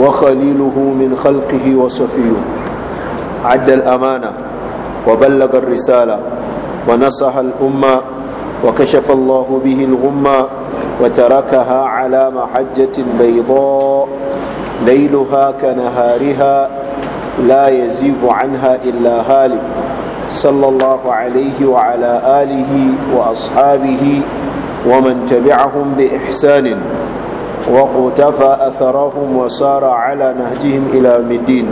وخليله من خلقه وصفيه عد الأمانة وبلغ الرسالة ونصح الأمة وكشف الله به الغمة وتركها على محجة بيضاء ليلها كنهارها لا يزيب عنها إلا هالك صلى الله عليه وعلى آله وأصحابه ومن تبعهم بإحسان وقتفى أثرهم وسار على نهجهم إلى مدين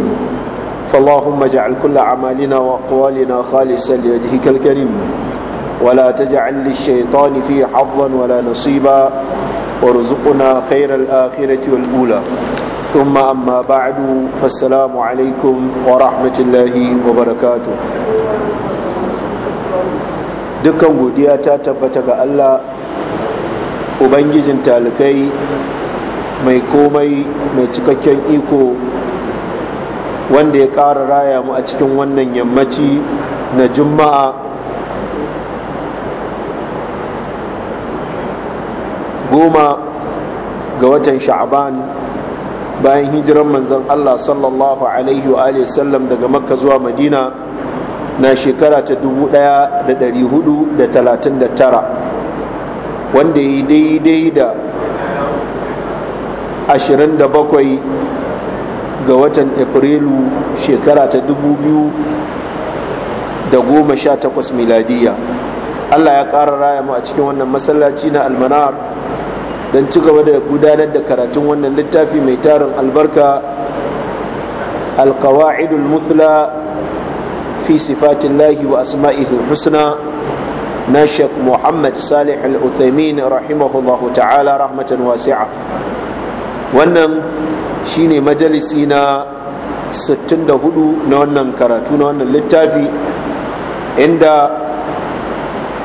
فاللهم اجعل كل عمالنا وأقوالنا خالصا لوجهك الكريم ولا تجعل للشيطان فيه حظا ولا نصيبا وارزقنا خير الآخرة والأولى ثم أما بعد فالسلام عليكم ورحمة الله وبركاته دكا وديا تتبتك الله ubangijin talikai mai komai mai cikakken iko wanda ya ƙara raya mu a cikin wannan yammaci na juma'a goma ga watan sha'aban. bayan hijiran manzon allah sallallahu alaihi wa sallam daga makka zuwa madina na shekara ta 1439 wanda ya yi daidai da 27 ga watan afrilu shekara ta 2018 miladiya allah ya ƙara raya mu a cikin wannan masallaci na almanar don ci gaba da gudanar da karatun wannan littafi mai tarin albarka alkawa'idul muthla fi sifatillahi wa asma'ihul husna na Sheikh Muhammad Salih Al-Uthaymeen rahimahullahu ta'ala rahmatan wasi'a wannan shi shine majalisi na 64 na wannan karatu na wannan littafi inda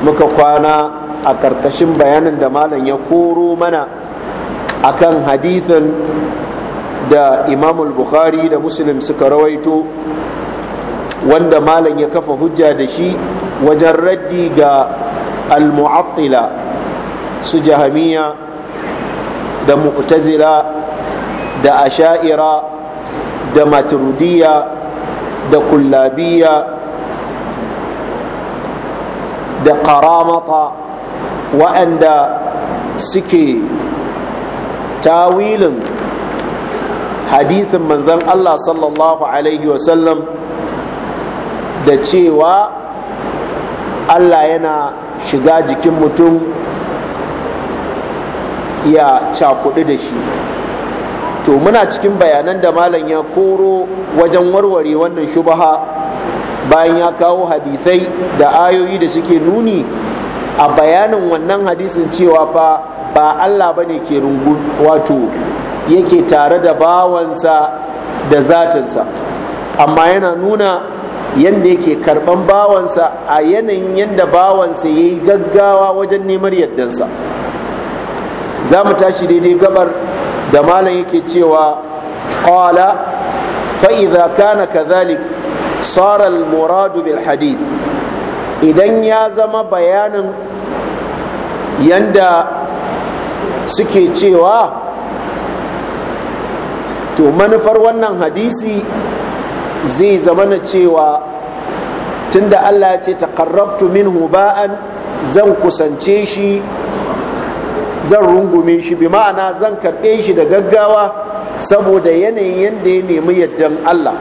muka kwana a karkashin bayanin da malam ya koro mana akan hadithin da imamul bukhari da muslim suka rawaito wanda malam ya kafa hujja da shi wajen raddi ga al-mu'attila su jahamiya da mu'tazila da asha'ira da maturudiya da kullabiya da karamata waɗanda suke tawilin hadithin manzan Allah sallallahu Alaihi wasallam da cewa allah yana shiga jikin mutum ya cakudu da shi to muna cikin bayanan da malam ya koro wajen warware wannan shubaha bayan ya kawo hadisai da ayoyi da suke nuni a bayanin wannan hadisin cewa fa ba allah ba ne ke rungu wato yake tare da bawansa da zatinsa amma yana nuna yadda yake karban bawansa a yanayin yadda bawansa ya yi gaggawa wajen neman yardansa za mu tashi daidai gabar da malam yake cewa qala fa'iza kana kazalik saral muradu bil hadith idan ya zama bayanin yanda suke cewa to manufar wannan hadisi zai zama na cewa tunda Allah ya ce taqarrabtu minhu ba'an zan kusance shi zan rungume shi bi ma'ana zan karɓe shi da gaggawa saboda yanayin yadda ya nemi yardan Allah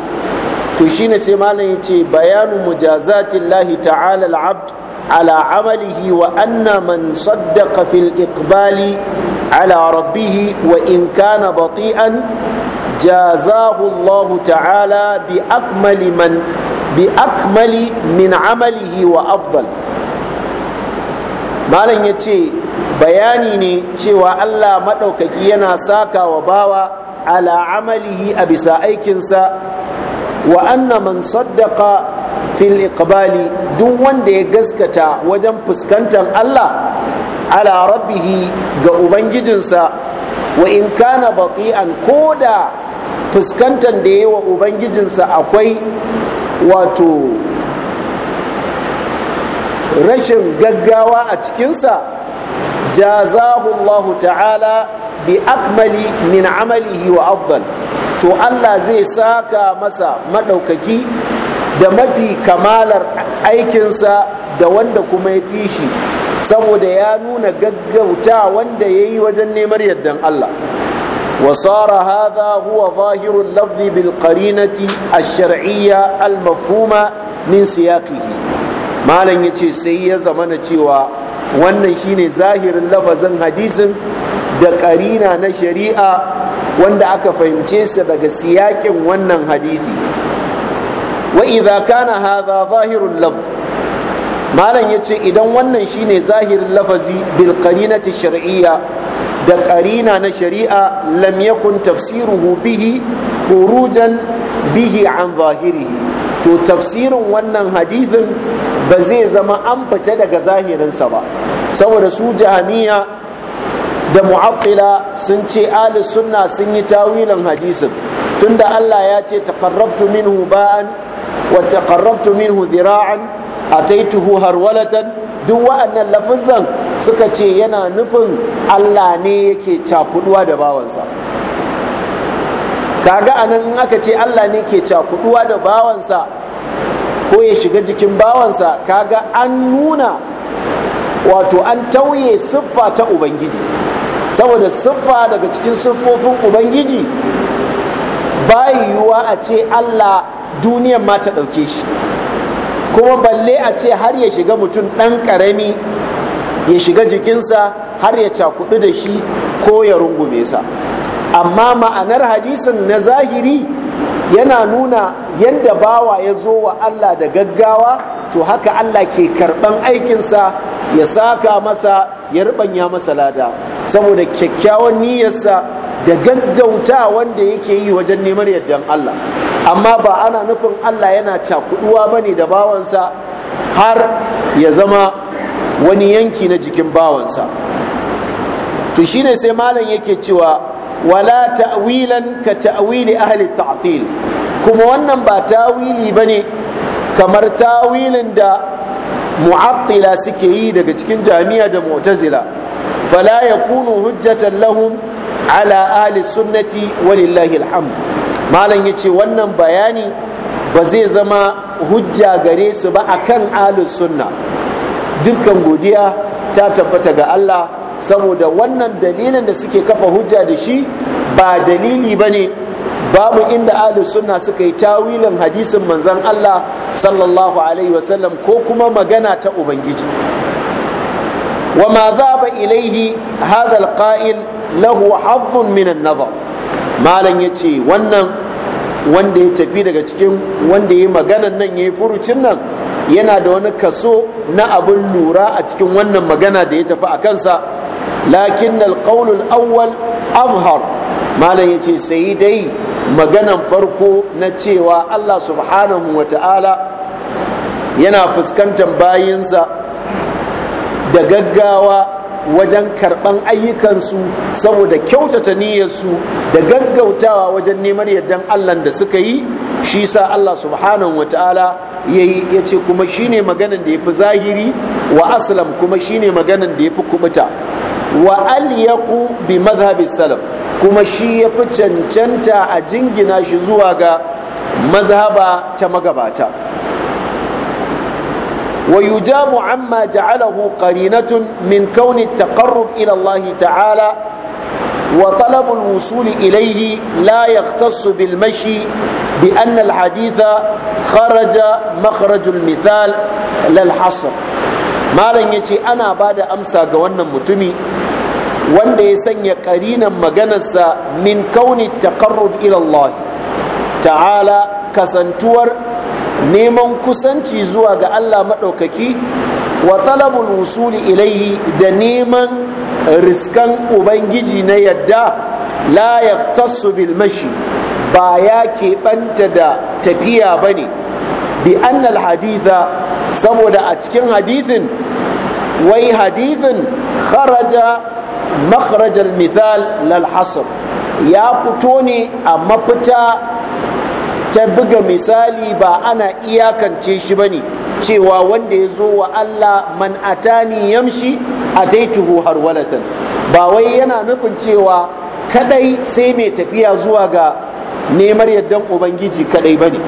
to shine sai malam ya ce bayanu mujazatin lahi ta'ala al'abd ala amalihi wa anna man saddaqa fil iqbali ala rabbihi wa in kana bati'an jazahu Allah ta'ala bi akmali min amalihi wa afdal malam ya ce bayani ne cewa Allah maɗaukaki yana saka wa bawa ala amalihi a bisa aikinsa wa anna man saddaka fil iqbali duk wanda ya gaskata wajen fuskantar Allah ala rabbihi ga ubangijinsa wa in kana baqi'an koda fuskantar da ya wa ubangijinsa akwai wato rashin gaggawa a cikinsa jazahullahu ta'ala bi akmali min amalihi wa afdal to Allah zai saka masa maɗaukaki da mafi kamalar aikinsa da wanda kuma ya fi shi saboda ya nuna gaggauta wanda ya yi wajen neman yardan Allah وصار هذا هو ظاهر اللفظ بالقرينة الشرعية المفهومة من سياقه ما لن يتشي سيئة زمانة شوى wannan shine zahirin lafazin hadisin da ƙarina na shari'a wanda aka fahimce sa daga siyakin wannan hadithi wa idza kana hadha zahirul lafz malam yace idan wannan shine zahirin lafazi bil qarinati shar'iyya da karina na shari'a lam yakun tafsiruhu bihi khurujan bihi an zahirihi to tafsirin wannan hadithin ba zai zama an fita daga zahirinsa ba saboda su jamiya da mu'aqqila sun ce ahli sunna sun yi tawilin hadisin tunda Allah ya ce taqarrabtu minhu ba'an wa taqarrabtu minhu dhira'an ataituhu harwalatan duk wa'annan lafazan suka ce yana nufin allah ne yake cakuduwa da bawansa kaga anan in aka ce allah ne ke cakuduwa da bawansa ko ya shiga jikin bawansa kaga an nuna wato an tauye siffa ta ubangiji saboda siffa daga cikin siffofin ubangiji bayi yiwuwa a ce allah duniyan ma ta ɗauke shi kuma balle a ce har ya shiga mutum ɗan ƙarami ya shiga jikinsa har ya cakudu da shi ko ya rungume sa amma ma'anar hadisin na zahiri yana nuna yadda bawa ya zo wa Allah da gaggawa to haka Allah ke karban aikinsa ya saka masa ya rubanya masa lada saboda kyakkyawan niyyarsa da gaggauta wanda yake yi wajen neman yardan Allah amma ba ana nufin Allah yana cakuduwa bane da bawansa har ya zama wani yanki na jikin bawansa to shine sai malam yake cewa wala ta'wilan ka ta'wili ahli ta'til kuma wannan ba ta'wili bane kamar ta'wilin da mu'attila suke yi daga cikin jami'a da mu'tazila fala yakunu hujjatan lahum ala ahli sunnati walillahi alhamd malam yace wannan bayani ba zai zama hujja gare su ba akan ahli sunna dukkan godiya ta tabbata ga Allah saboda wannan dalilin da suke kafa hujja da shi ba dalili ba ne babu inda ahli sunna suka yi tawilin hadisin manzan Allah sallallahu alaihi wasallam ko kuma magana ta ubangiji wa ma ba ilaihi hadha alqa'il lahu hazzun min an-nazar malam yace wannan wanda ya tafi daga cikin wanda ya maganan nan yayi furucin nan yana da wani kaso na abin lura a cikin wannan magana da ya tafi a kansa lakin alƙaunul awwal afhar malam ya ce sai dai maganan farko na cewa allah subhanahu wa ta'ala yana fuskantar bayinsa da gaggawa wajen karɓan ayyukansu saboda kyautata niyyarsu da gaggautawa wajen neman yardan allah da suka yi shi sa Allah subhanahu wa ta'ala ya ce kuma shine maganan da ya fi zahiri wa aslam kuma shine maganan da ya fi kubuta wa alyaku bi mazhabi salaf kuma shi ya fi cancanta a jingina shi zuwa ga mazhaba ta magabata wa yujabu amma ja'alahu qarinatun min kauni taqarrub ila الله ta'ala wa وطلب ilaihi إليه لا يختص بالمشي بأن haditha kharaja مخرج المثال للحصر malam ya ce ana ba da amsa ga wannan mutumi wanda ya sanya karinan maganarsa min kauni taqarrub ila Allah ta'ala kasantuwar neman kusanci zuwa ga Allah maɗaukaki wa talabul wusuli ilaihi da neman riskan ubangiji na yadda la yaftasu bil mashi ba ya keɓanta da tafiya ba ne bi annal haditha saboda a cikin hadithin wai hadithin kharaja makharajal mithal lal ya fito ne a mafita ta buga misali ba ana iyakance shi ba ne cewa wanda ya zo wa Allah man atani yamshi a ataituhu harwalatan ba wai yana nufin cewa kadai sai mai tafiya zuwa ga nemar yaddan ubangiji kadai bane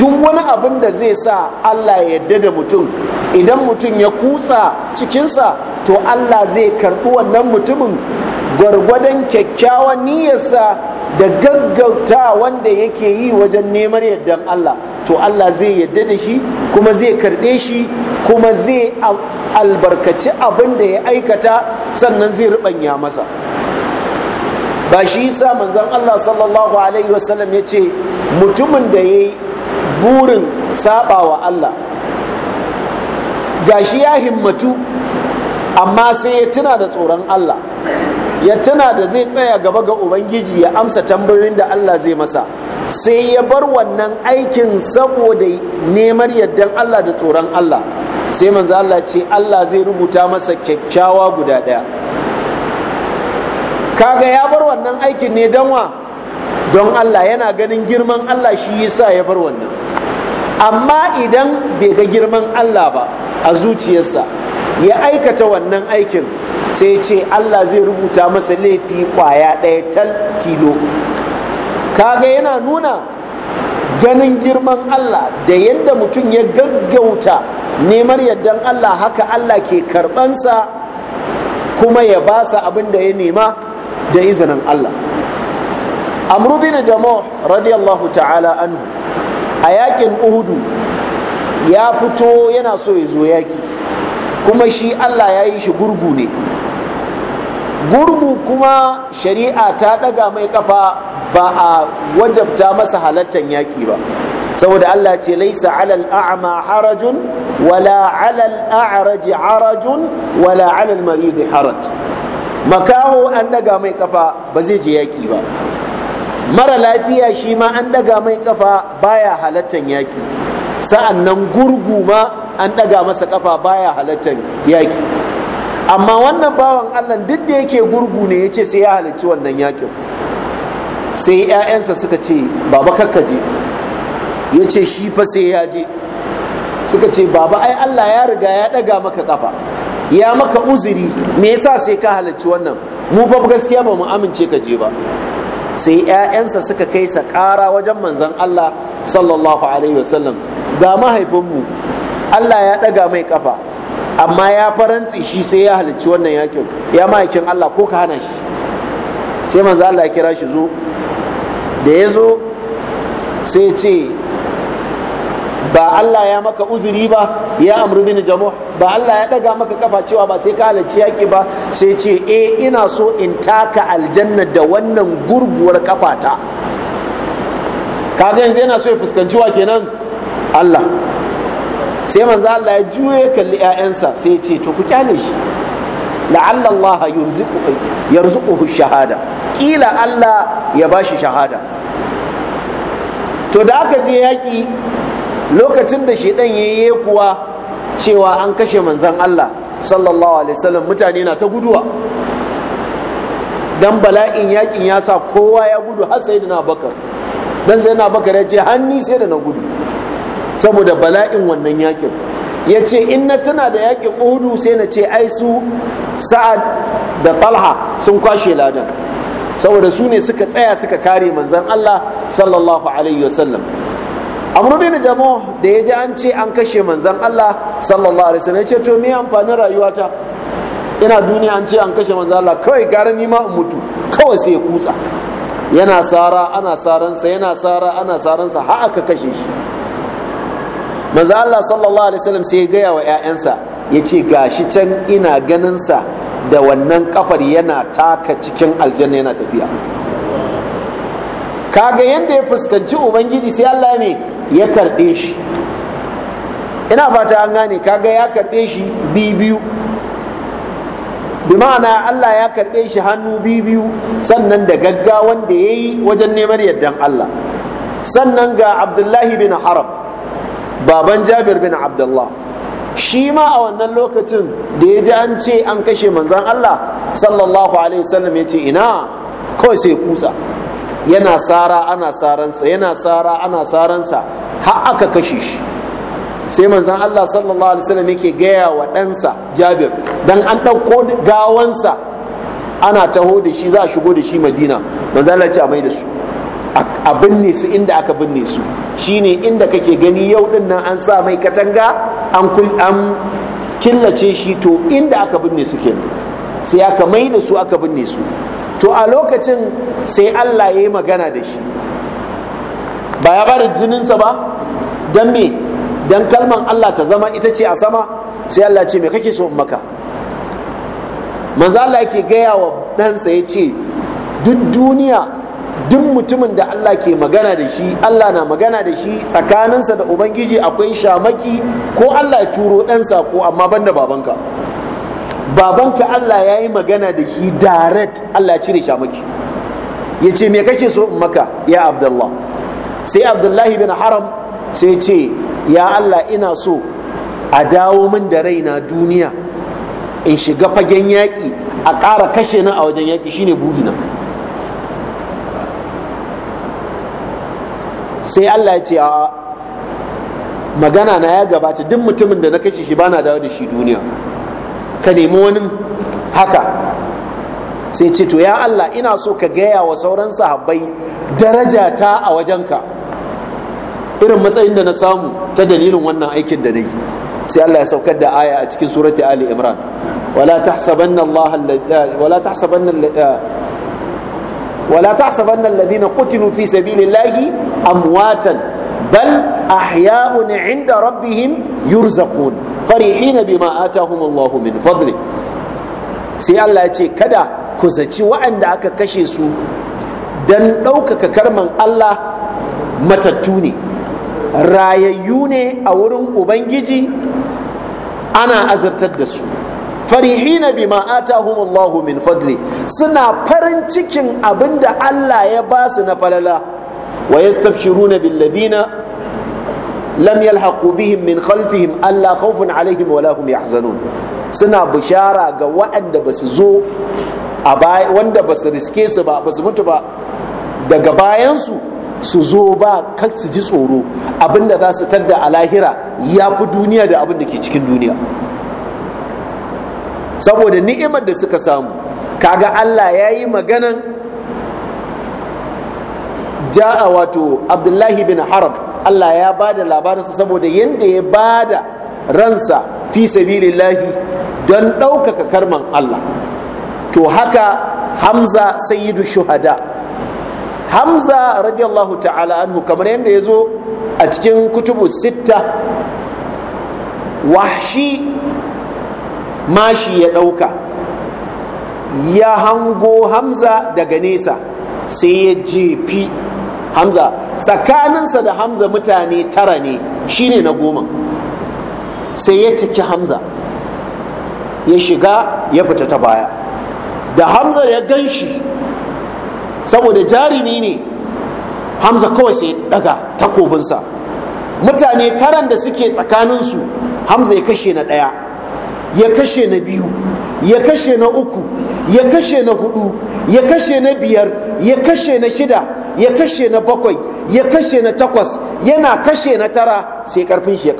duk wani abin da zai sa Allah ya yadda da mutum idan mutum ya kutsa cikinsa to Allah zai karɓi wannan mutumin gwargwadon kyakkyawan niyyarsa da gaggauta wanda yake yi wajen neman yardan Allah to Allah zai yadda da shi kuma zai karɓe shi kuma zai albarkaci abin da ya aikata sannan zai ruɓanya masa ba shi yasa manzon Allah sallallahu alaihi wasallam ya ce mutumin da ya yi burin sabawa Allah gashi ya himmatu amma sai ya tuna da tsoron Allah ya tana da zai tsaya gaba ga ubangiji ya amsa tambayoyin da allah zai masa sai ya bar wannan aikin saboda neman yardan allah da tsoron allah sai manzo allah ce allah zai rubuta masa kyakkyawa guda ɗaya kaga ya bar wannan aikin ne don wa don allah yana ganin girman allah shi yasa ya bar wannan amma idan bai ga girman allah ba a zuciyarsa ya aikata wannan aikin sai ce allah zai rubuta masa laifi kwaya ɗaya tal tilo kaga yana nuna ganin girman allah da yadda mutum ya gaggauta neman yardan allah haka allah ke karbansa kuma ya ba sa abin da ya nema da izinin allah amru bin jamo radiyallahu ta'ala anhu a yakin uhudu ya fito yana so ya zo yaki kuma shi allah ya yi shi gurgu ne gurbu kuma shari'a ta ɗaga mai kafa ba a wajabta masa halattan yaƙi ba saboda Allah ce laisa alal a'ma harajun wala alal a'raji harajun wala alal maridi haraj makaho an ɗaga mai kafa ba zai je yaƙi ba mara lafiya shi ma an ɗaga mai kafa baya halattan yaƙi sa'annan gurgu ma an ɗaga masa kafa baya halattan yaƙi. amma wannan bawan allah duk da yake gurgu ne ya ce sai ya halarci wannan yakin sai 'ya'yansa suka ce baba je ya ce shi fa sai ya je suka ce baba ai allah ya riga ya ɗaga maka kafa ya maka uzuri me yasa sai ka halarci wannan mu fa gaskiya ba mu amince ka je ba sai 'ya'yansa suka kai sa ƙara wajen manzon allah sallallahu alaihi wasallam ga mahaifinmu allah ya ɗaga mai kafa amma ya farantsi shi sai ya halicci wannan yakin ya ma'aikin Allah ko ka hana shi sai manzo Allah ya kira shi zo da ya zo sai ce ba Allah ya maka uzuri ba ya amru bin jamuh ba Allah ya daga maka kafa cewa ba sai ka halarci yaki ba sai ce e, ina so in taka aljanna da wannan gurguwar kafata kaga yanzu yana so ya fuskanci wa kenan Allah sai manzo Allah ya juye kalli ƴaƴansa sai ya ce to ku kyale shi la'alla Allah yurziqu yarzuquhu shahada kila Allah ya bashi shahada to da aka je yaƙi lokacin da shedan yayi kuwa cewa an kashe manzan Allah sallallahu alaihi wasallam mutane na ta guduwa dan bala'in yaƙin ya sa kowa ya gudu har sai da na bakar dan sai na bakar ya ce hanni sai da na gudu saboda bala'in wannan yakin ya ce in na tana da yakin uhudu sai na ce ai su sa'ad da talha sun kwashe ladan saboda su ne suka tsaya suka kare manzan allah sallallahu alaihi wasallam amru bin jamo da ya ji an ce an kashe manzan allah sallallahu alaihi wasallam ya ce to me amfanin rayuwata ina duniya an ce an kashe manzan allah kawai gara ni ma in mutu kawai sai ya kutsa yana sara ana saransa yana sara ana saransa har aka kashe shi manzo Allah sallallahu alaihi wasallam sai ya gaya wa ƴaƴansa ya gashi can ina ganin sa da wannan kafar yana taka cikin aljanna yana tafiya kaga yanda ya fuskanci ubangiji sai Allah ne ya karɓe shi ina fata an gane kaga ya karɓe shi biyu bi ma'ana Allah ya karɓe shi hannu biyu sannan da gaggawan da yayi wajen neman yardan Allah sannan ga abdullahi bin haram baban jabir bin abdullah shi ma a wannan lokacin da ya ji an ce an kashe manzan allah sallallahu alaihi wasallam ya ce ina kawai sai kusa yana sara ana tsaransa. yana sara ana saransa har aka kashe shi sai manzan allah sallallahu alaihi wasallam yake gaya wa ɗansa jabir dan an ɗauko gawansa ana taho da shi za a shigo da shi madina manzan allah ce a mai da su a binne su inda aka binne su shine inda kake gani yau din nan an sa mai katanga an killace shi to inda aka binne su ke sai aka mai da su aka binne su to a lokacin sai Allah ya yi magana da shi ba ya bada jininsa ba don me don kalman Allah ta zama ita ce a sama sai Allah ce me kake so in maka manzo Allah yake gaya wa ɗansa ya ce duk duniya duk mutumin da Allah ke magana da shi Allah na magana da shi tsakaninsa da ubangiji akwai shamaki ko Allah ya turo ɗan sako amma ban da babanka babanka Allah ya yi magana da shi direct Allah ya cire shamaki ya ce me kake so in maka ya abdullah sai abdullahi bin haram sai ce ya Allah ina so a dawo min da raina duniya in shiga fagen yaƙi a ƙara kashe na a wajen yaƙi shine na. sai Allah ya ce a magana na ya gabata duk mutumin da na kashe shi bana dawo da shi duniya ka nemi wani haka sai ce to ya Allah ina so ka gaya wa sauran sahabbai daraja ta a wajenka irin matsayin da na samu ta dalilin wannan aikin da na sai Allah ya saukar da aya a cikin surati Ali Imran wala tahsabanna Allah wala tahsabanna wala tahsabanna alladhina qutilu fi sabilillahi amwatan bal ahya'un 'inda rabbihim yurzaqun farihina bima atahum Allah min fadli sai Allah ya ce kada ku zaci wa'anda aka kashe su dan ɗaukaka karman Allah matattu ne rayayyu ne a wurin ubangiji ana azartar da su farihina bima atahumullahu min fadli suna farin cikin abinda Allah ya ba su na falala wa yastabshiruna bil ladina lam yalhaqu bihim min khalfihim Allah khawfun alaihim wala ya yahzanun suna bishara ga waɗanda ba su zo a baya wanda ba su riske su ba ba su mutu ba daga bayansu su zo ba kar su ji tsoro abinda za su tadda a lahira ya fi duniya da abin da ke cikin duniya saboda ni'imar da suka samu kaga Allah ya yi maganan ja'a wato abdullahi bin harab Allah ya ba da labarinsa saboda yadda ya ba da ransa fi sabilillahi don ɗaukaka karman Allah to haka hamza sayyidu shuhada hamza radiyallahu ta'ala anhu kamar yadda ya zo a cikin kutubu sitta wahshi mashi ya ɗauka ya hango hamza daga nesa sai ya jefi hamza tsakaninsa da hamza mutane tara ne shine na goma sai ya ciki hamza ya shiga ya fita ta baya da hamza ya gan shi saboda jarumi ne hamza kawai sai daga takobinsa mutane taran da suke tsakaninsu hamza ya kashe na ɗaya ya kashe na biyu ya kashe na uku ya kashe na hudu ya kashe na biyar ya kashe na shida ya kashe na bakwai ya kashe na takwas yana kashe na tara sai karfin shi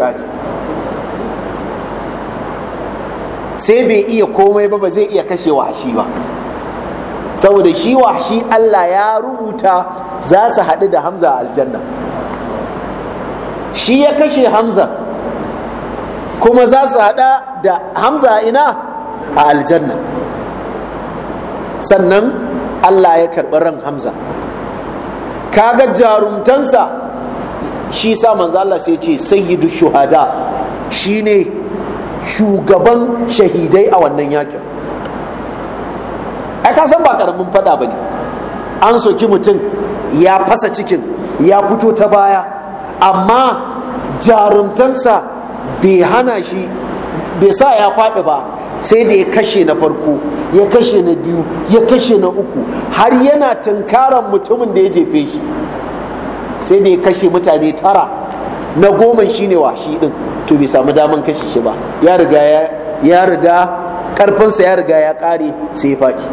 sai bai iya komai ba ba zai iya kashe wahashi ba saboda shi wahashi allah ya rubuta za su haɗu da hamza aljanna shi ya kashe hamza kuma za su hada da hamza ina a aljanna sannan allah ya karɓi ran hamza kaga jarumtansa shi sa manzo Allah sai ce sayyidu shuhada shine shugaban shahidai a wannan yakin ai ka san ba karamin fada ne. an soki mutum ya fasa cikin ya fito ta baya amma jarumtansa bai hana shi bai sa ya faɗi ba sai da ya kashe na farko ya kashe na biyu ya kashe na uku har yana tunkaran mutumin da ya jefe shi sai da ya kashe mutane tara na goma shine wa shi din to bai samu daman kashe shi ba ya riga ya riga karfinsa ya riga ya kare sai ya faɗi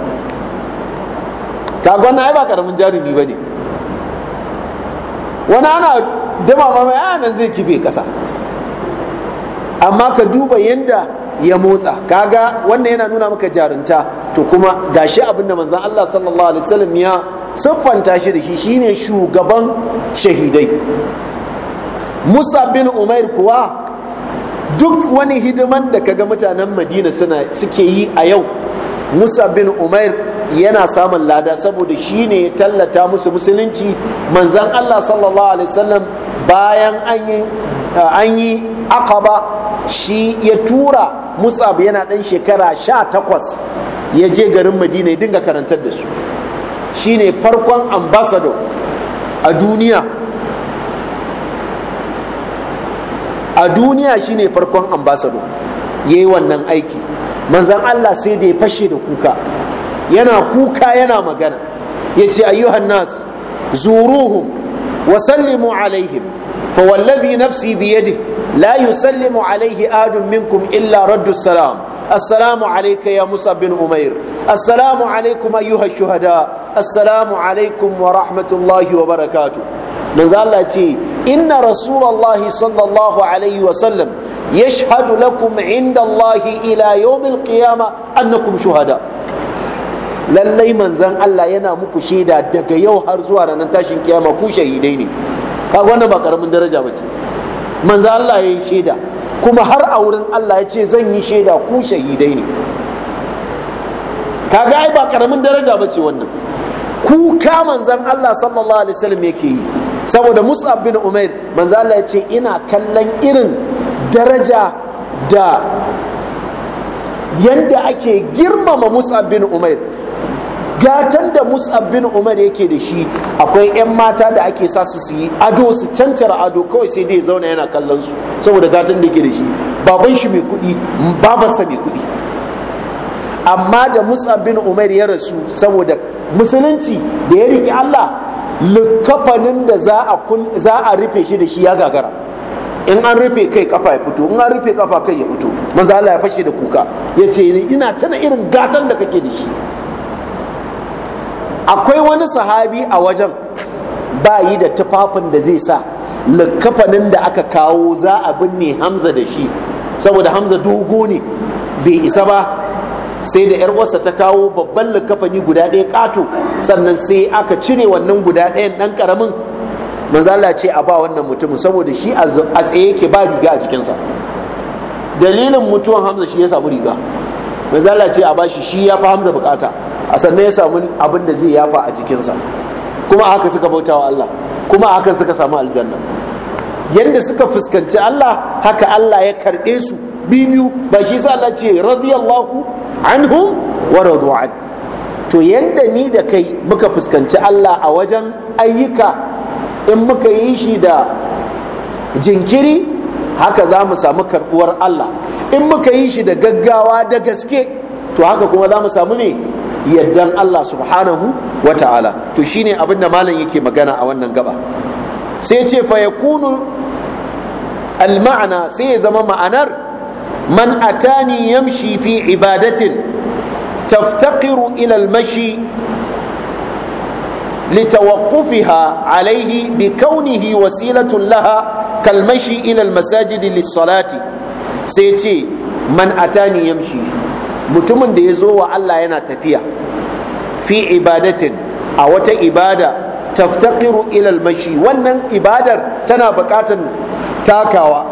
kaga na, ai ba karamin jarumi ba ne wani ana dama mamaye nan zai kife kasa amma ka duba yadda ya motsa kaga wannan yana nuna maka jarunta to kuma gashi abin da manzon Allah sallallahu alaihi wasallam ya siffanta shi da shi shine shugaban shahidai Musa bin Umair kuwa duk wani hidiman da ka ga mutanen Madina suna suke yi a yau Musa bin Umair yana samun lada saboda shi ne ya tallata musu musulunci manzan Allah sallallahu alaihi wasallam bayan an yi Eh, an yi akaba shi ya tura musab yana ɗan shekara sha takwas ya je garin madina ya dinga karantar da su Shi ne farkon ambasado a duniya a duniya shine farkon ambasado ya yi wannan aiki manzan allah sai da ya fashe da kuka yana kuka yana magana ya ce ayyuhan nas zuruhum wa sallimu alaihim fa wallazi nafsi biyadi la yusallimu alaihi ahadun minkum illa raddu salam assalamu alayka ya musa bin umair assalamu alaikum ayyuha shuhada assalamu alaikum wa rahmatullahi wa barakatuh manzo ce inna rasulullahi sallallahu alaihi wa sallam yashhadu lakum inda Allah ila yawmil qiyamah annakum shuhada lallai manzan Allah yana muku shaida daga yau har zuwa ranar tashin kiyama ku shahidai ne kaga wannan ba karamin daraja ba ce manzo Allah ya yi shaida kuma har a wurin Allah ya ce zan yi shaida ku shahidai ne kaga ai ba karamin daraja ba ce wannan kuka manzan Allah sallallahu alaihi wasallam yake yi saboda Mus'ab bin Umair manzo Allah ya ce ina kallon irin daraja da yanda ake girmama Mus'ab bin Umair gatan da mus'ab bin umar yake da shi akwai 'yan mata da ake sa su yi ado su cancara ado kawai sai dai zauna yana kallon su saboda gatan da yake da shi baban shi mai kuɗi babansa mai kuɗi amma da mus'ab bin umar ya rasu saboda musulunci da ya riki allah likafanin da za a rufe shi da shi ya gagara in an rufe kai kafa ya fito in an rufe kafa kai ya fito manzo Allah ya fashe da kuka ya ce ina tana irin gatan da kake da shi akwai wani sahabi a wajen ba yi da tufafin da zai sa likafanin da aka kawo za a binne hamza da shi saboda hamza dogo ne bai isa ba sai da 'yar uwarsa ta kawo babban likafani guda ɗaya ƙato sannan sai aka cire wannan guda ɗayan ɗan ƙaramin manzala ce a ba wannan mutumin saboda shi a tsaye yake ba riga a jikinsa dalilin mutuwan hamza shi ya samu riga manzala ce a ba shi shi ya fi hamza bukata a sannan ya samu abin da zai yafa a jikinsa kuma haka suka bauta wa Allah kuma haka suka samu aljanna yadda suka fuskanci Allah haka Allah ya karɓe su biyu ba shi sa Allah ce radiyallahu anhum wa radu'an to yanda ni da kai muka fuskanci Allah a wajen ayyuka in muka yi shi da jinkiri haka za mu samu karɓuwar Allah in muka yi shi da gaggawa da gaske to haka kuma za mu samu ne Yaddan Allah subhanahu wa ta'ala to shine abin da malam yake magana a wannan gaba sai ce fa yakunu kunu alma'ana sai ya zama ma'anar man atani yamshi fi ibadatin taftaqiru ila al-mashi لتوقفها عليه بكونه وسيلة لها كالمشي إلى المساجد للصلاة سيتي من أتاني يمشي mutumin da ya zo wa Allah yana tafiya fi ibadatin a wata ibada taftaqiru ila mashi wannan ibadar tana bukatan takawa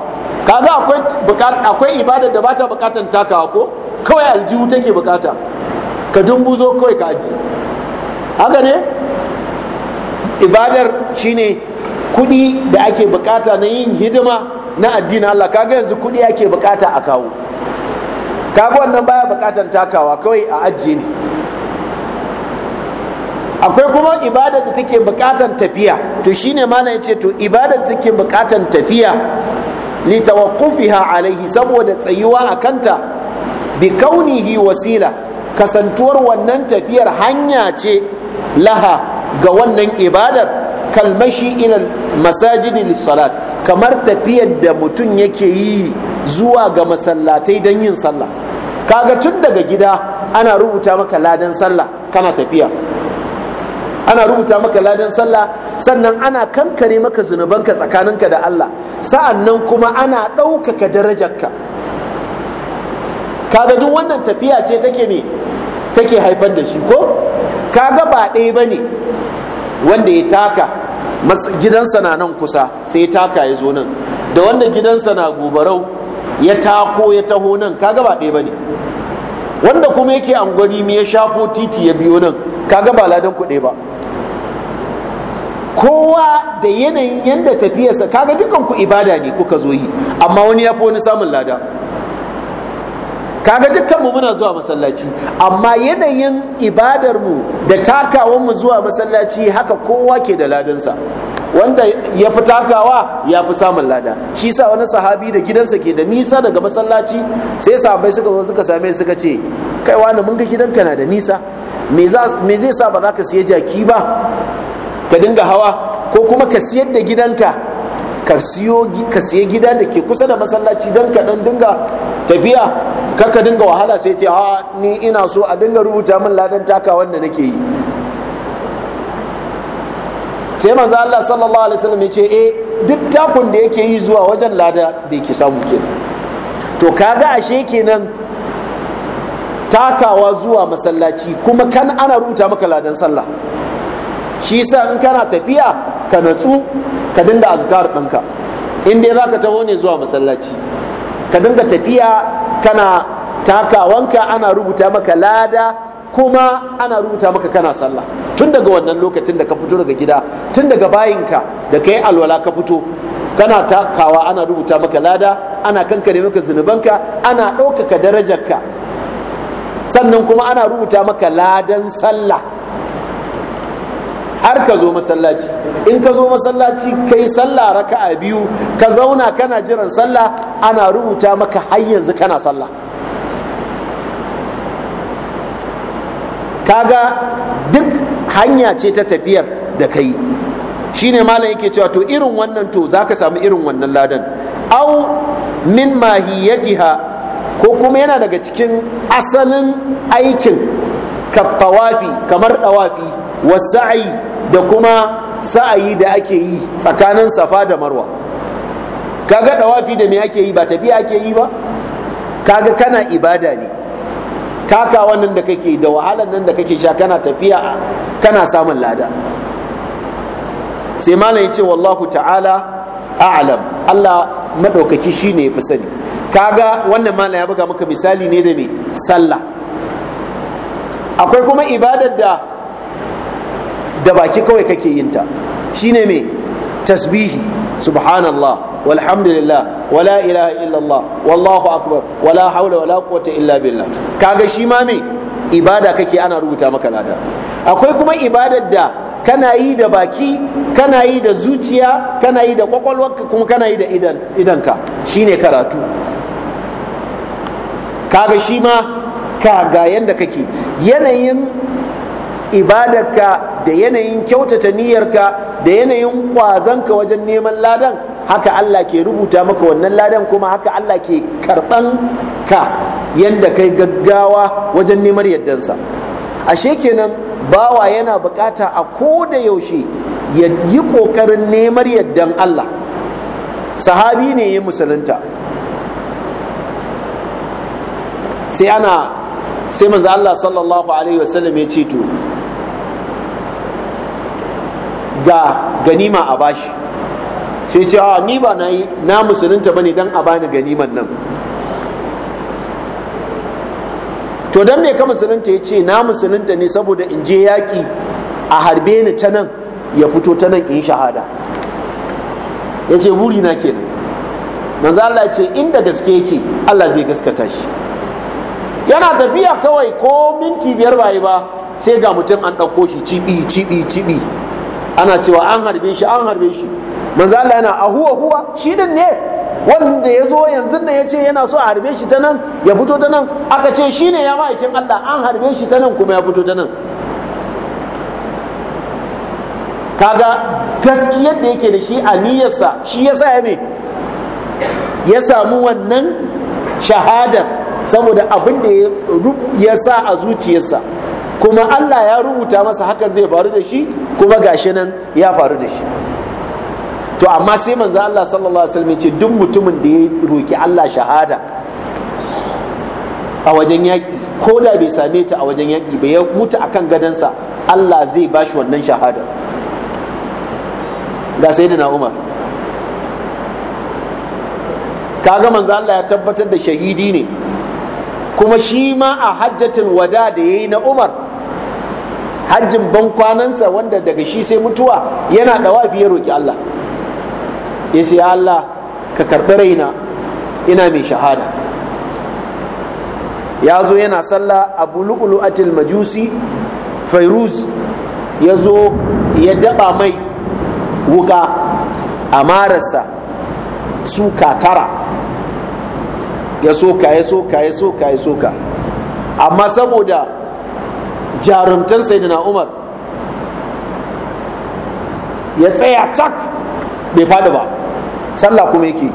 kaga akwai akwai ibadar da bata bukatan takawa ko kawai aljihu take bukata ka dumbuzo kawai ka aji haka ne ibadar shine kudi da ake bukata na yin hidima na addinin Allah kaga yanzu kudi ake bukata a kawo kaga wannan baya bukatan takawa kawai a ajiye ne akwai kuma ibada da take bukatan tafiya to shine mana ya ce to ibada da take bukatan tafiya litawaqqufiha alaihi saboda tsayuwa a kanta bi kaunihi wasila kasantuwar wannan tafiyar hanya ce laha ga wannan ibadar kalmashi ila masajidi lissalat kamar tafiyar da mutum yake yi zuwa ga masallatai don yin sallah kaga tun daga gida ana rubuta maka ladan sallah kana tafiya ana rubuta maka ladan sallah sannan ana kankare maka zunubanka tsakaninka da Allah sa'an nan kuma ana ɗaukaka darajarka kaga duk wannan tafiya ce take ne take haifar da shi ko kaga ba ɗaya ba ne wanda ya taka gidansa na nan kusa sai ya taka ya zo nan da wanda gidansa na gobarau ya tako ya taho nan kaga ba ɗaya bane wanda kuma yake angwani me ya shafo titi ya biyo nan kaga ba ladan kuɗe ba kowa da yanayin yadda tafiyarsa kaga dukan ku ibada ne kuka zo yi amma wani ya fi wani samun lada kaga dukkanmu muna zuwa masallaci amma yanayin ibadarmu da mu zuwa masallaci haka kowa ke da ladansa wanda ya fi takawa ya fi samun lada shi sa wani sahabi da gidansa ke da nisa daga masallaci sai sahabai suka zo suka same suka ce kai wani mun ga gidanka na da nisa me zai sa ba za ka siya jaki ba ka dinga hawa ko kuma ka siyar da gidanka ka siyo siya gida da ke kusa da masallaci don ka dan dinga tafiya kar ka dinga wahala sai ce a ah, ni ina so a dinga rubuta min ladan taka da nake yi sai manzo Allah sallallahu alaihi wasallam ya ce eh duk takun da yake yi zuwa wajen lada da yake samu kenan to kaga ashe kenan takawa zuwa masallaci kuma kan ana rubuta maka ladan sallah shi yasa in kana tafiya ka natsu ka dinga azkar ɗinka in dai za ka taho ne zuwa masallaci ka dinga tafiya kana takawanka ana rubuta maka lada kuma ana rubuta maka kana sallah tun daga wannan lokacin da ka fito daga gida tun daga bayinka da ka yi alwala ka fito kana takawa ana rubuta maka lada ana kankare maka zunubanka ana ɗaukaka darajarka sannan kuma ana rubuta maka ladan sallah har ka zo masallaci in ka zo masallaci ka yi sallah a biyu ka zauna kana jiran sallah ana rubuta maka har yanzu kana sallah kaga duk hanya ce ta tafiyar da kai ne malam yake cewa to irin wannan to za ka samu irin wannan ladan au min mahiyatiha ko kuma yana daga cikin asalin aikin kafawafi kamar dawafi wasa'i da kuma sa'ayi da ake yi tsakanin safa da marwa kaga dawafi da me ake yi ba tafiya ake yi ba kaga kana ibada ne takawan nan da kake da wahalan nan da kake sha kana tafiya kana samun lada sai malam ya ce wallahu ta'ala a'lam Allah madaukaki shine yafi sani kaga wannan malam ya buga maka misali ne da me sallah akwai kuma ibadar da da baki kawai kake yin ta shine me tasbihi subhanallah walhamdulillah wala ilaha illallah wallahu akbar wala haula wala quwwata shi ma me ibada kake ana rubuta maka lada akwai kuma ibadar da kana yi da baki kana yi da zuciya kana yi da kwakwalwarka kuma kana yi da idan shine karatu kaga shi ma ka ga yadda kake yanayin ka. da yanayin kyautata niyyarka da yanayin kwazanka wajen neman ladan haka Allah ke rubuta maka wannan ladan kuma haka Allah ke karban ka yanda kai gaggawa wajen neman yardansa ashe kenan bawa yana bukata a ko da yaushe ya yi kokarin neman yardan Allah sahabi ne ya musulunta sai ana sai manzo Allah sallallahu alaihi wasallam ya ce to ga ganima a bashi sai ce a ah, ni ba na yi na musulunta bane don a bani ganiman nan to don me ka musulunta ya ce na musulunta ne saboda in je yaƙi a harbe ni ta nan ya fito ta nan in shahada ya ce na kenan manzo Allah ce inda gaske yake Allah zai gaskata shi yana tafiya kawai ko minti biyar bai ba sai ga mutum an ɗauko shi cibi cibi cibi ana cewa an harbe shi an harbe shi manzo Allah yana a huwa huwa shi din ne wanda ya zo yanzu nan ya ce yana so a harbe shi ta nan ya fito ta nan aka ce shi ne ya ma'aikin Allah an harbe shi ta nan kuma ya fito ta nan kaga gaskiyar da yake da shi a niyyarsa shi ya sa ya me ya samu wannan shahadar saboda abin da ya sa a zuciyarsa kuma Allah ya rubuta masa hakan zai faru da shi kuma gashi nan ya faru da shi to amma sai manzo Allah sallallahu alaihi wasallam ce duk mutumin da ya roki Allah shahada a wajen yaki ko da bai same ta a wajen yaki ba ya mutu akan gadansa Allah zai ba shi wannan shahada ga sayyidina Umar kaga manzo Allah ya tabbatar da shahidi ne kuma shi ma a hajjatul wada da ya yi na umar hajjin ban kwanansa wanda daga shi sai mutuwa yana ɗawa ya roƙi allah ya ce ya allah ka karɓi raina ina mai shahada ya zo yana sallah a lu'lu'atil majusi fairuz ya zo ya daɓa mai wuka a marasa suka tara ya soka ya soka ya soka ya soka amma saboda jarumtan sayyidina umar ya tsaya cak bai fada ba sallah kuma yake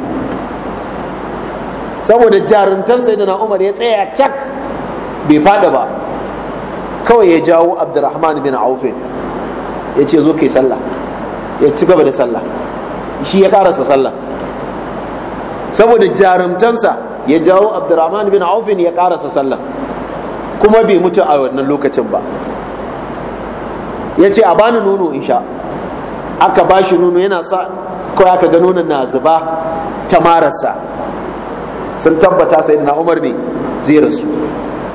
saboda jarumtan sayyidina umar ya tsaya cak bai fada ba kawai ya jawo abdurrahman bin aufin ya ce zo kai sallah ya ci gaba da sallah shi ya karasa sallah saboda jarumtansa ya jawo abdurrahman bin aufin ya karasa sallah kuma bai mutu a wannan lokacin ba ya ce a bani nono in sha aka ba shi nono yana sa kawai aka ga nonon na zuba ta marasa sun tabbata sai na umar ne zai rasu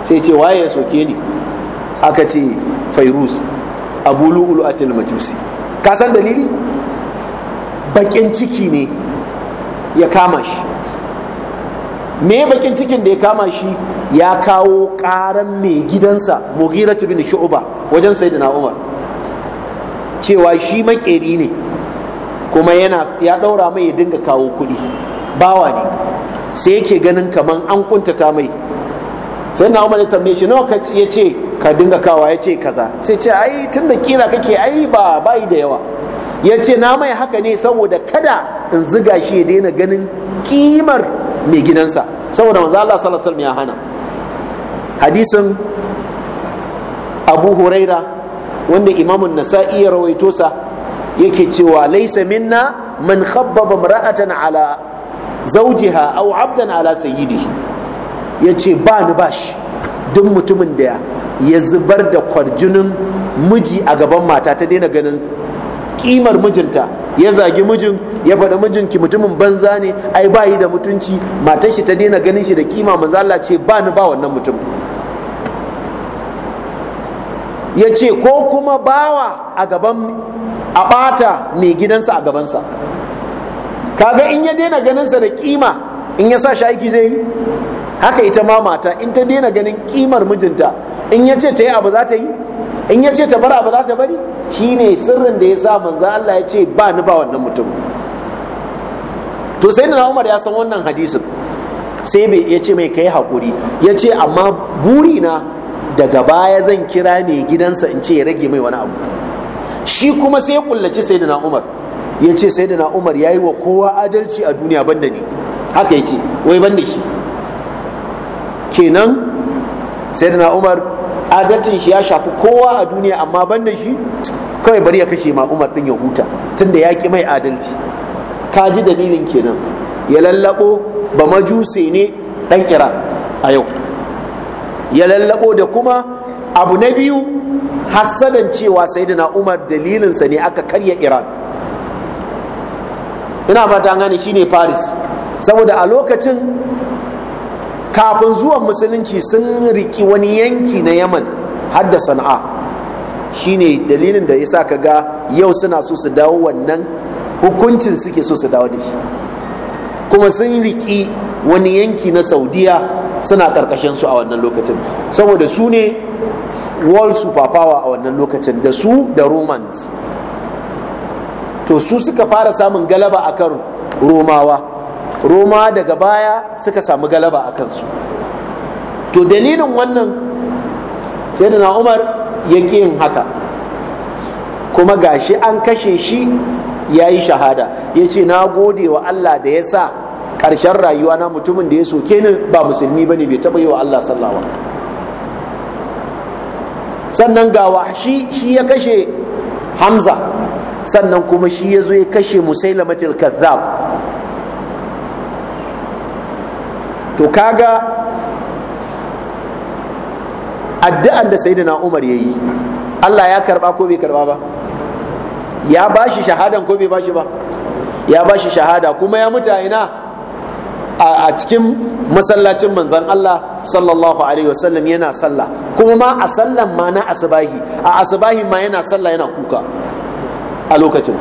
sai ce waye ya soke ni aka ce fairuz abu lu'ulu atil majusi ka san dalili bakin ciki ne ya kama shi me bakin cikin da ya kama shi ya kawo karan mai gidansa mugira bin shu'uba wajen sayyidina umar cewa shi makeri ne kuma yana ya daura mai ya dinga kawo kuɗi bawa ne sai yake ganin kaman an kuntata mai sai na umar ya tambaye shi nawa ya ce ka dinga kawa ya ce kaza sai ce ai tun da kira kake ai ba bai da yawa ya ce na mai haka ne saboda kada in ziga shi ya daina ganin kimar mai gidansa saboda manzo Allah sallallahu alaihi ya hana hadisin Abu Huraira wanda Imam nasai ya rawaito sa yake cewa laysa minna man khabbaba imra'atan ala zawjiha aw 'abdan ala sayyidihi yace ba ni bashi duk mutumin da ya zubar da kwarjinin miji a gaban mata ta daina ganin kimar mijinta ya zagi mijin ya faɗa mijinki mutumin banza ne ai ba yi da mutunci matar shi ta daina ganin shi da kima maza Allah ce ba ni ba wannan mutum ya ce ko kuma bawa a gaban a ɓata mai gidansa a gabansa kaga in ya daina ganinsa da kima in ya sa shi aiki zai yi haka ita ma mata in ta daina ganin kimar mijinta in ya ce ta yi abu za ta yi in ya ce ta bara ba za ta bari shine sirrin da ya sa manzan Allah ya ce ba ni ba wannan mutum to sai na Umar ya san wannan hadisin sai ya ce mai kai hakuri ya ce amma na daga baya zan kira mai gidansa in ce ya rage mai wani abu shi kuma sai ya kullaci da Umar ya ce da Umar ya yi wa kowa adalci a duniya banda ni haka ya ce wai banda shi kenan da Umar adalcin shi ya shafi kowa a duniya amma ban da shi kawai bari ya kashe ma umar din ya huta tunda ya ki mai adalci ka ji dalilin kenan ya lallabo ba majuse ne dan iran a yau ya lallabo da kuma abu na biyu hassadan cewa na umar dalilinsa ne aka karya iran ina fata gane shine paris saboda a lokacin kafin zuwan musulunci sun riki wani yanki na yaman hadda sana'a shine dalilin da yasa ka ga yau suna so su dawo wannan hukuncin suke so su dawo da shi kuma sun riki wani yanki na saudiya suna karkashin su a wannan lokacin saboda su ne world superpower a wannan lokacin da su da romans to su suka fara samun galaba akan romawa roma daga baya suka samu galaba a kansu to dalilin wannan sai da umar ya yin haka kuma gashi an kashe shi ya yi shahada ya ce na gode wa allah da ya sa ƙarshen rayuwa na mutumin da ya soke ni ba musulmi ba ne bai taɓa yi wa allah sallawa sannan ga shi ya kashe hamza sannan kuma shi ya zo ya kashe musailamatul kadhab to kaga addu'an da sayyidina Umar yayi Allah ya karba ko bai karba ba ya bashi shahadan ko bai bashi ba ya bashi shahada kuma ya mutu ina a cikin masallacin manzan Allah sallallahu alaihi wasallam yana sallah kuma ma a sallan ma na asabahi a asabahi ma yana sallah yana kuka a lokacin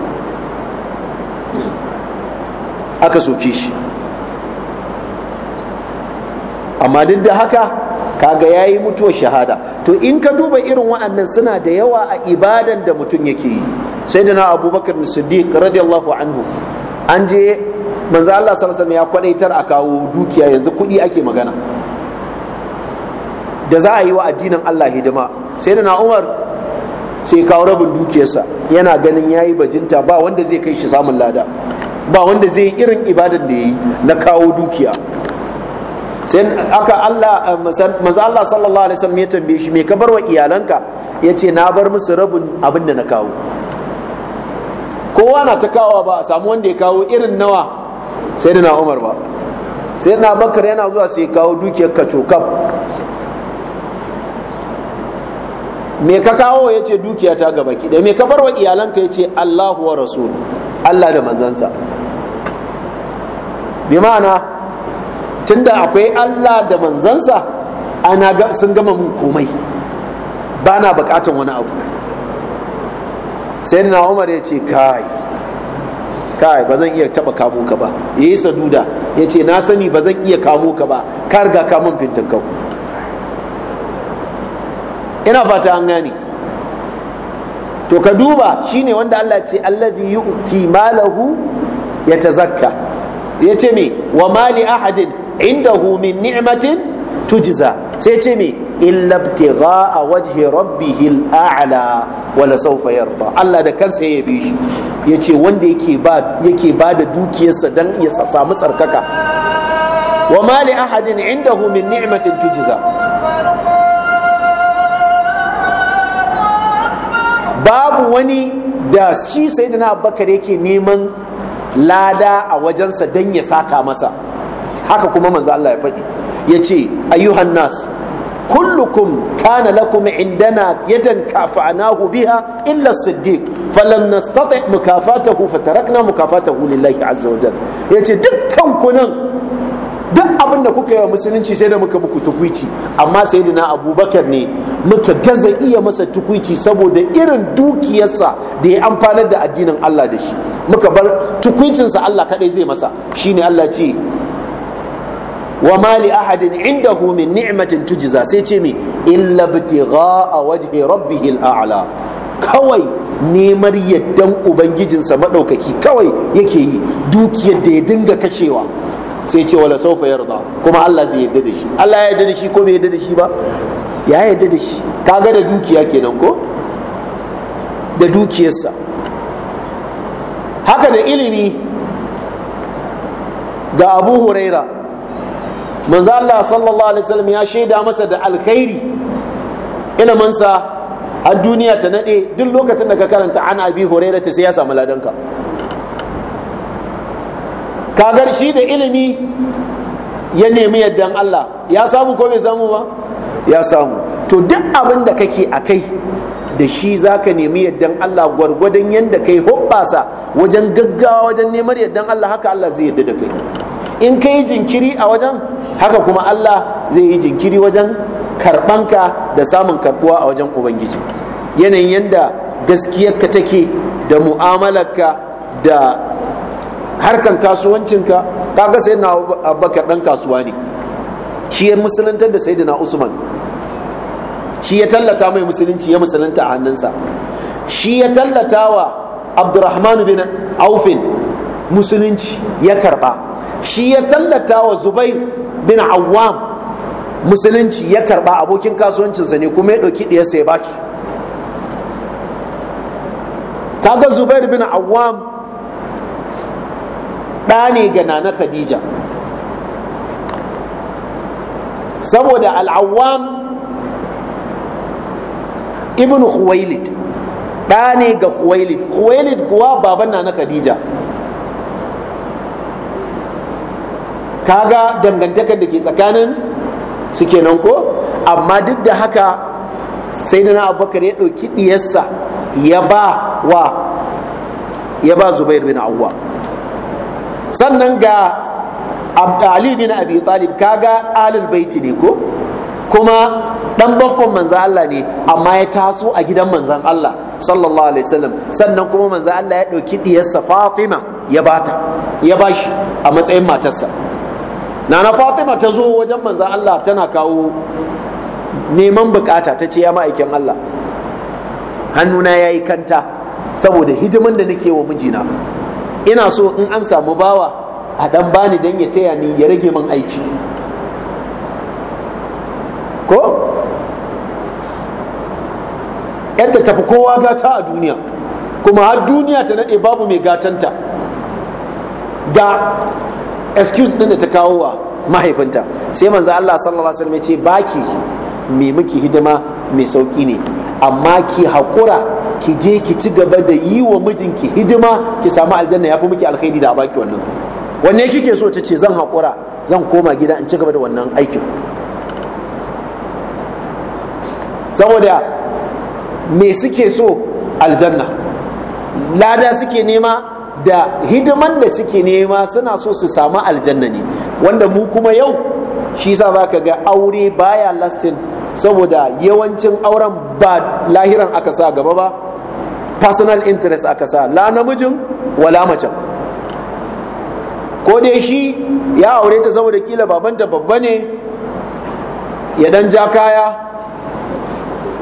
aka soke shi amma duk da haka kaga ya yi mutuwar shahada to in ka duba irin wa'annan suna da yawa a ibadan da mutum yake yi sai da na abubakar siddiq radiyallahu anhu an je manzo Allah sallallahu ya kwadaitar a kawo dukiya yanzu kuɗi ake magana da za a yi wa addinin Allah hidima sai da na Umar sai kawo rabin dukiyarsa yana ganin yayi bajinta ba wanda zai kai shi samun lada ba wanda zai irin ibadan da yayi na kawo dukiya sai aka Allah eh, manzo Allah sallallahu alaihi wasallam ya tambaye shi me ka bar wa iyalanka yace na bar musu rabin abin da na kawo kowa na ta kawo ba a samu wanda ya kawo irin nawa sai na Umar ba sai na Bakar yana zuwa sai kawo dukiyar kacokam me ka kawo yace dukiya ta gaba ki me ka bar wa iyalanka yace Allahu wa rasul Allah da manzansa bi ma'ana tunda akwai Allah da manzansa ana sun gama mun komai ba na bukatan wani abu sai na umar ya ce kai kai ba zan iya taba kamo ka ba ya yi saduda ya ce na sani ba zan iya kamo ka ba Kar ga ka fintin kau ina fata an gani. to ka duba shine wanda Allah ce alladhi yu'ti malahu Ya ce me wa mali ahadin Inda min ni'matin tujza sai ce me illa a wajhi rabbihil a'la wala saufa yarda Allah da kansa ya bi shi yace wanda yake ba da dukiyarsa dan ya samu tsarkaka wa ma li ahadin indahu min ni'matin tujza babu wani da shi sayyidina abubakar yake neman lada a wajensa dan ya saka masa haka kuma manzo Allah ya faɗi yace ayyuhan nas kullukum kana lakum indana yadan kafa'nahu biha illa as-siddiq falan nastati mukafatahu fatarakna mukafatahu lillahi azza wa jalla yace dukkan ku nan duk abin da kuka yi musulunci sai da muka muku tukuici amma sayyidina abubakar ne muka gaza iya masa tukuici saboda irin dukiyarsa da ya amfanar da addinin Allah da shi muka bar tukwicinsa Allah kadai zai masa shine Allah ce wa mali ahadin indahu min ni'matin tujza sai ce mi illa a wajhi rabbihil a'la kawai nemar yaddan ubangijinsa maɗaukaki kawai yake yi dukiyar da ya dinga kashewa sai ce wala saufa yarda kuma Allah zai yadda da shi Allah ya yadda da shi ko bai yadda da shi ba ya yadda da shi kaga da dukiya kenan ko da dukiyarsa haka da ilimi ga Abu Huraira manzo Allah sallallahu alaihi wasallam ya shaida masa da alkhairi iliminsa a duniya ta nade duk lokacin da ka karanta an abi huraira ta sai ya samu ladanka kagar shi da ilimi ya nemi yaddan Allah ya samu ko bai samu ba ya samu to duk abin da kake a kai da shi zaka nemi yaddan Allah gwargwadon yanda kai hoɓɓasa wajen gaggawa wajen neman yaddan Allah haka Allah zai yadda da kai in kayi jinkiri a wajen haka kuma Allah zai yi jinkiri wajen karɓanka da samun karbuwa a wajen ubangiji yanayin yadda gaskiyarka take da mu'amalarka da harkan kasuwancinka kaga sai na abubakar dan kasuwa ne shi ya musuluntar da sai na usman shi ya tallata mai musulunci ya musulunta a hannunsa shi ya tallata wa abdurrahman bin aufin musulunci ya karba shi ya tallata wa zubair bin awwam musulunci ya karba abokin kasuwancinsa ne kuma ya ɗauki ɗiyarsa ya bashi kaga zubair bin awwam ɗa ne ga nana khadija saboda al'awwam ibn huwailid ɗa ne ga huwailid huwailid kuwa baban nana khadija kaga dangantakar da ke tsakanin su kenan ko amma duk da haka sai da na abubakar ya ɗauki ɗiyarsa ya ba wa ya ba zubair bin awwa sannan ga ali bin abi talib kaga alil baiti ne ko kuma dan baffan manzan Allah ne amma ya taso a gidan manzan Allah sallallahu alaihi wasallam sannan kuma manzan Allah ya ɗauki ɗiyarsa fatima ya bata ya bashi a matsayin matarsa nana fatima ta zo wajen manzan allah tana kawo neman bukata ta ce ya ma'aikin allah hannuna ya yi kanta saboda hidiman da nake wa mijina ina so in an samu bawa a dan bani dan ya taya ni ya rage min aiki ko yadda tafi kowa gata a duniya kuma har duniya ta nade babu mai gatanta da excuse din da ta kawo wa mahaifinta sai manzo Allah sallallahu alaihi wasallam ya ce baki me miki hidima mai sauki ne amma ki hakura ki je ki ci gaba da yi wa mijinki hidima ki samu aljanna ya fi miki alkhairi da baki wannan wanne kike so ta ce zan hakura zan koma gida in ci gaba da wannan aikin saboda me suke so aljanna lada suke nema da hidiman da suke nema suna so su samu aljanna ne wanda mu kuma yau shi sa za ka ga aure baya lastin saboda yawancin auren ba lahiran aka sa gaba ba personal interest aka sa la namijin wala macen ko dai shi ya aure ta saboda kila babanta babba ne ya dan ja kaya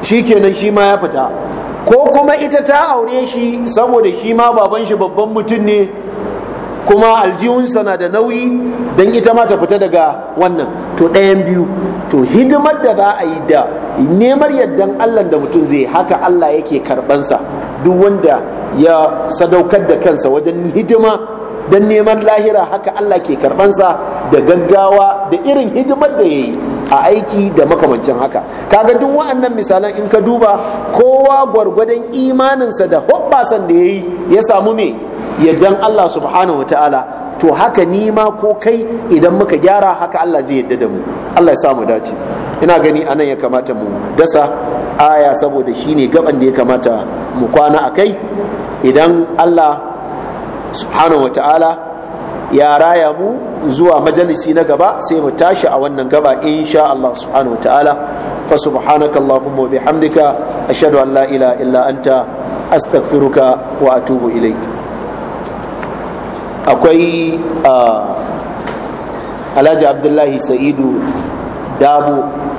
shi kenan shi ma ya fita ko kuma ita ta aure shi saboda shi ma baban shi babban mutum ne kuma aljihunsa na da nauyi don ita ma ta fita daga wannan to ɗayan biyu to hidimar da za a yi da nemar yardan allah da mutum zai haka allah yake karɓansa duk wanda ya sadaukar da kansa wajen hidima don neman lahira haka allah ke karɓansa da gaggawa da irin hidimar da ya yi a aiki da makamancin haka kaga duk wa'annan misalan in ka duba kowa gwargwadon imaninsa da hoɓɓasan da ya yi ya samu me yaddan Allah subhanahu wa ta'ala to haka nima ko kai idan muka gyara haka Allah zai yadda da mu Allah ya samu dace ina gani anan ya kamata mu dasa aya saboda shine gaban da ya kamata mu kwana a kai idan Allah subhanahu wa ta'ala ya raya mu zuwa majalisi na gaba sai mu tashi a wannan gaba insha Allah subhanahu ta'ala fa subhanaka allahumma wa bihamdika ashhadu an la ilaha illa anta astaghfiruka wa atubu ilaik akwai ah, Alhaji Abdullahi Sa'idu Dabo